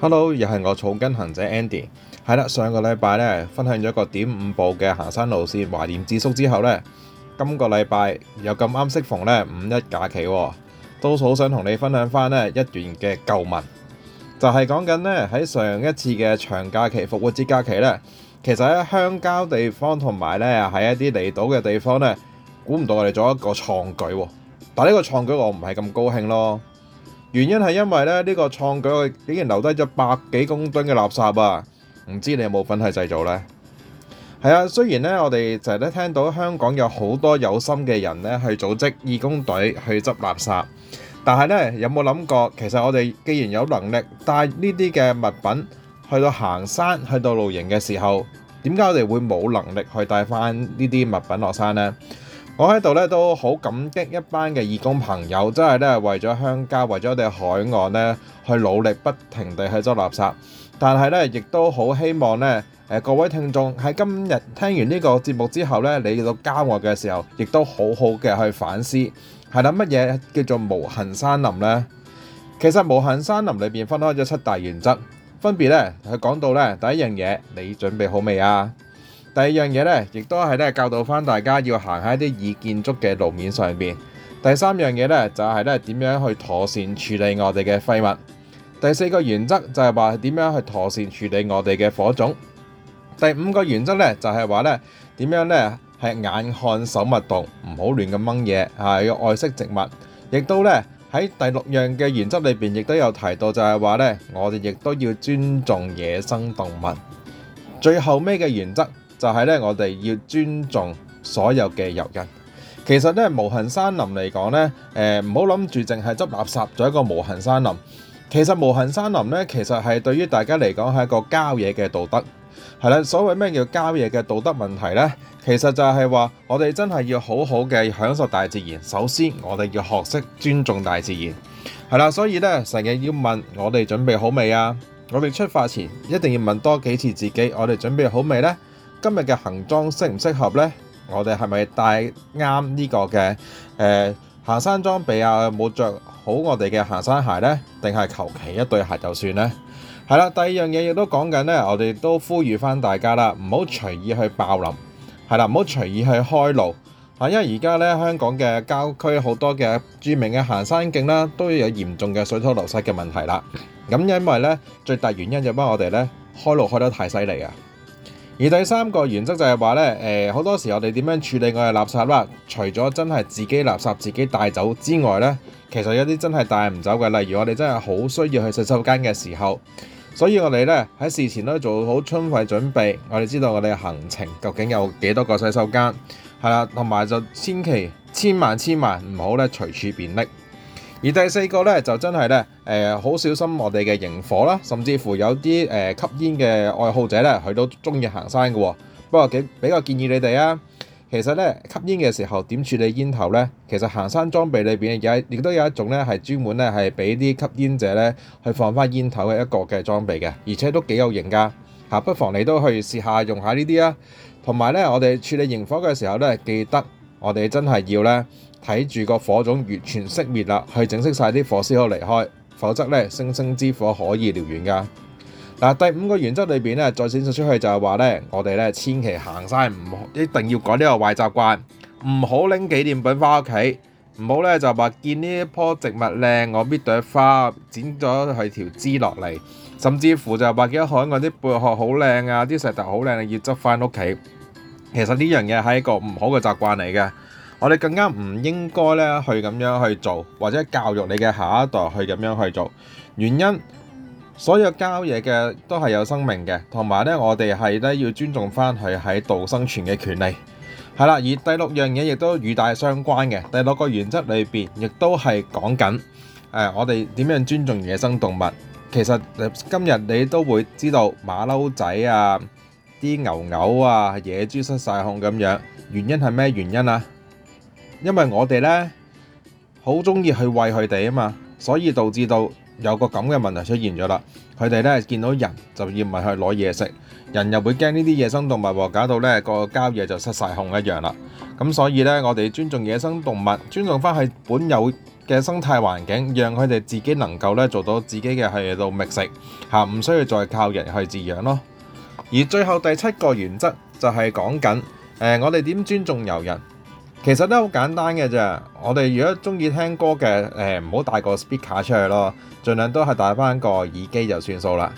Hello，又係我草根行者 Andy，係啦。上個禮拜呢，分享咗個點五步嘅行山路線，懷念智叔之後呢，今個禮拜又咁啱適逢呢五一假期，喎，都好想同你分享翻呢一段嘅舊聞，就係講緊呢，喺上一次嘅長假期復活節假期呢，其實喺鄉郊地方同埋呢喺一啲離島嘅地方呢，估唔到我哋做一個創舉，但係呢個創舉我唔係咁高興咯。原因係因為呢，呢個創舉竟然留低咗百幾公噸嘅垃圾啊！唔知你有冇份去製造呢？係啊，雖然呢我哋成日都聽到香港有好多有心嘅人呢去組織義工隊去執垃圾，但係呢有冇諗過，其實我哋既然有能力帶呢啲嘅物品去到行山、去到露營嘅時候，點解我哋會冇能力去帶翻呢啲物品落山呢？我喺度咧都好感激一班嘅義工朋友，真係咧為咗鄉郊、為咗我哋海岸咧去努力，不停地去執垃圾。但係咧，亦都好希望咧，誒各位聽眾喺今日聽完呢個節目之後咧，你到郊外嘅時候，亦都很好好嘅去反思，係啦，乜嘢叫做無痕山林呢？其實無痕山林裏邊分開咗七大原則，分別咧，佢講到咧第一樣嘢，你準備好未啊？第二樣嘢呢，亦都係咧，教導返大家要行喺啲已建築嘅路面上邊。第三樣嘢呢，就係咧點樣去妥善處理我哋嘅廢物。第四個原則就係話點樣去妥善處理我哋嘅火種。第五個原則呢，就係話咧點樣呢？係眼看手勿動，唔好亂咁掹嘢，係要愛惜植物。亦都呢，喺第六樣嘅原則裏邊，亦都有提到就係話呢，我哋亦都要尊重野生動物。最後尾嘅原則，就係咧，我哋要尊重所有嘅遊人。其實咧，無痕山林嚟講咧，誒唔好諗住淨係執垃圾。做一個無痕山林，其實無痕山林咧，其實係對於大家嚟講係一個郊野嘅道德係啦。所謂咩叫郊野嘅道德問題呢，其實就係話我哋真係要好好嘅享受大自然。首先，我哋要學識尊重大自然係啦。所以咧，成日要問我哋準備好未啊？我哋出發前一定要問多幾次自己，我哋準備好未呢？」今日嘅行裝適唔適合呢？我哋係咪帶啱呢個嘅誒、呃、行山裝備啊？冇着好我哋嘅行山鞋呢？定係求其一對鞋就算呢？係啦，第二樣嘢亦都講緊呢。我哋都呼籲翻大家啦，唔好隨意去爆林，係啦，唔好隨意去開路嚇，因為而家呢，香港嘅郊區好多嘅著名嘅行山徑啦，都有嚴重嘅水土流失嘅問題啦。咁因為呢，最大原因就幫我哋呢開路開得太犀利啊！而第三個原則就係話呢，誒、好多時我哋點樣處理我哋垃圾啦？除咗真係自己垃圾自己帶走之外呢，其實有啲真係帶唔走嘅。例如我哋真係好需要去洗手間嘅時候，所以我哋呢喺事前都做好充分準備。我哋知道我哋行程究竟有幾多個洗手間，係啦，同埋就千祈千萬千萬唔好咧隨處便溺。而第四個咧就真係咧，誒、呃、好小心我哋嘅營火啦，甚至乎有啲誒吸煙嘅愛好者咧，佢都中意行山嘅。不過幾比較建議你哋啊，其實咧吸煙嘅時候點處理煙頭咧，其實行山裝備裏邊有亦都有一種咧係專門咧係俾啲吸煙者咧去放翻煙頭嘅一個嘅裝備嘅，而且都幾有型㗎吓，不妨你都去試下用下這些呢啲啊。同埋咧，我哋處理營火嘅時候咧，記得我哋真係要咧。睇住個火種完全熄滅啦，去整熄晒啲火先好離開，否則呢星星之火可以燎原㗎。嗱，第五個原則裏邊呢，再轉述出去就係話呢：我哋呢千祈行山唔一定要改呢個壞習慣，唔好拎紀念品返屋企，唔好呢就話見呢一樖植物靚，我搣朵花剪咗佢條枝落嚟，甚至乎就話見得海岸啲貝殼好靚啊，啲石頭好靚啊，要執返屋企，其實呢樣嘢係一個唔好嘅習慣嚟嘅。我哋更加唔應該咧去咁樣去做，或者教育你嘅下一代去咁樣去做。原因，所有交易嘅都係有生命嘅，同埋咧，我哋係咧要尊重翻佢喺度生存嘅權利，係啦。而第六樣嘢亦都與大相關嘅第六個原則裏邊，亦都係講緊誒，我哋點樣尊重野生動物。其實今日你都會知道馬騮仔啊、啲牛牛啊、野豬失曬控咁樣，原因係咩原因啊？因為我哋呢好中意去餵佢哋啊嘛，所以導致到有個咁嘅問題出現咗啦。佢哋呢見到人就以為去攞嘢食，人又會驚呢啲野生動物喎，搞到呢個郊野就失晒控一樣啦。咁所以呢，我哋尊重野生動物，尊重翻係本有嘅生態環境，讓佢哋自己能夠呢做到自己嘅係度覓食吓，唔需要再靠人去飼養咯。而最後第七個原則就係講緊，呃，我哋點尊重遊人。其實都好簡單嘅啫。我哋如果中意聽歌嘅，誒唔好帶個 speaker 出去咯，盡量都係帶翻個耳機就算數啦、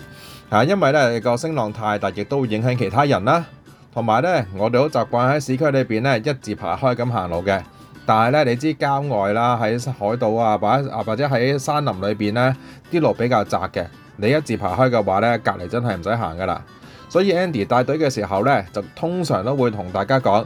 嚇。因為咧個聲浪太大，亦都會影響其他人啦。同埋咧，我哋好習慣喺市區裏面咧一字排開咁行路嘅。但係咧，你知郊外啦，喺海島啊，或啊或者喺山林裏面咧，啲路比較窄嘅，你一字排開嘅話咧，隔離真係唔使行噶啦。所以 Andy 帶隊嘅時候咧，就通常都會同大家講。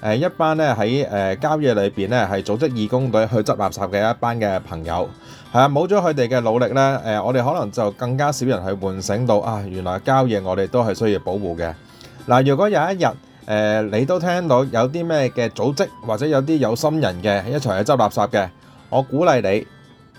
誒一班咧，喺誒郊野裏邊咧，係組織義工隊去執垃圾嘅一班嘅朋友，係啊，冇咗佢哋嘅努力咧，誒我哋可能就更加少人去喚醒到啊，原來郊野我哋都係需要保護嘅。嗱，如果有一日誒你都聽到有啲咩嘅組織或者有啲有心人嘅一齊去執垃圾嘅，我鼓勵你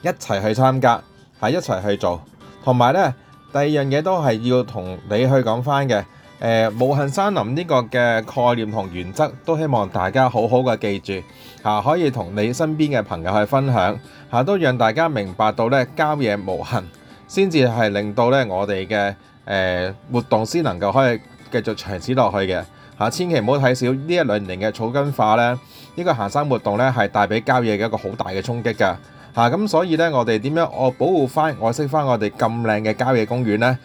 一齊去參加，係一齊去做。同埋咧第二樣嘢都係要同你去講返嘅。誒、呃、無痕山林呢個嘅概念同原則，都希望大家好好嘅記住嚇、啊，可以同你身邊嘅朋友去分享嚇、啊，都讓大家明白到咧郊野無痕，先至係令到呢我哋嘅誒活動先能夠可以繼續長持落去嘅嚇、啊，千祈唔好睇少呢一兩年嘅草根化呢。呢、呢個行山活動呢係帶俾郊野嘅一個好大嘅衝擊㗎嚇，咁、啊、所以呢，我哋點樣我保護翻我識翻我哋咁靚嘅郊野公園呢？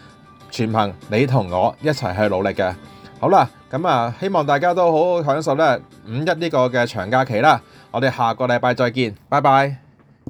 全憑你同我一齊去努力嘅。好啦，咁啊，希望大家都好好享受咧五一呢個嘅長假期啦。我哋下個禮拜再見，拜拜。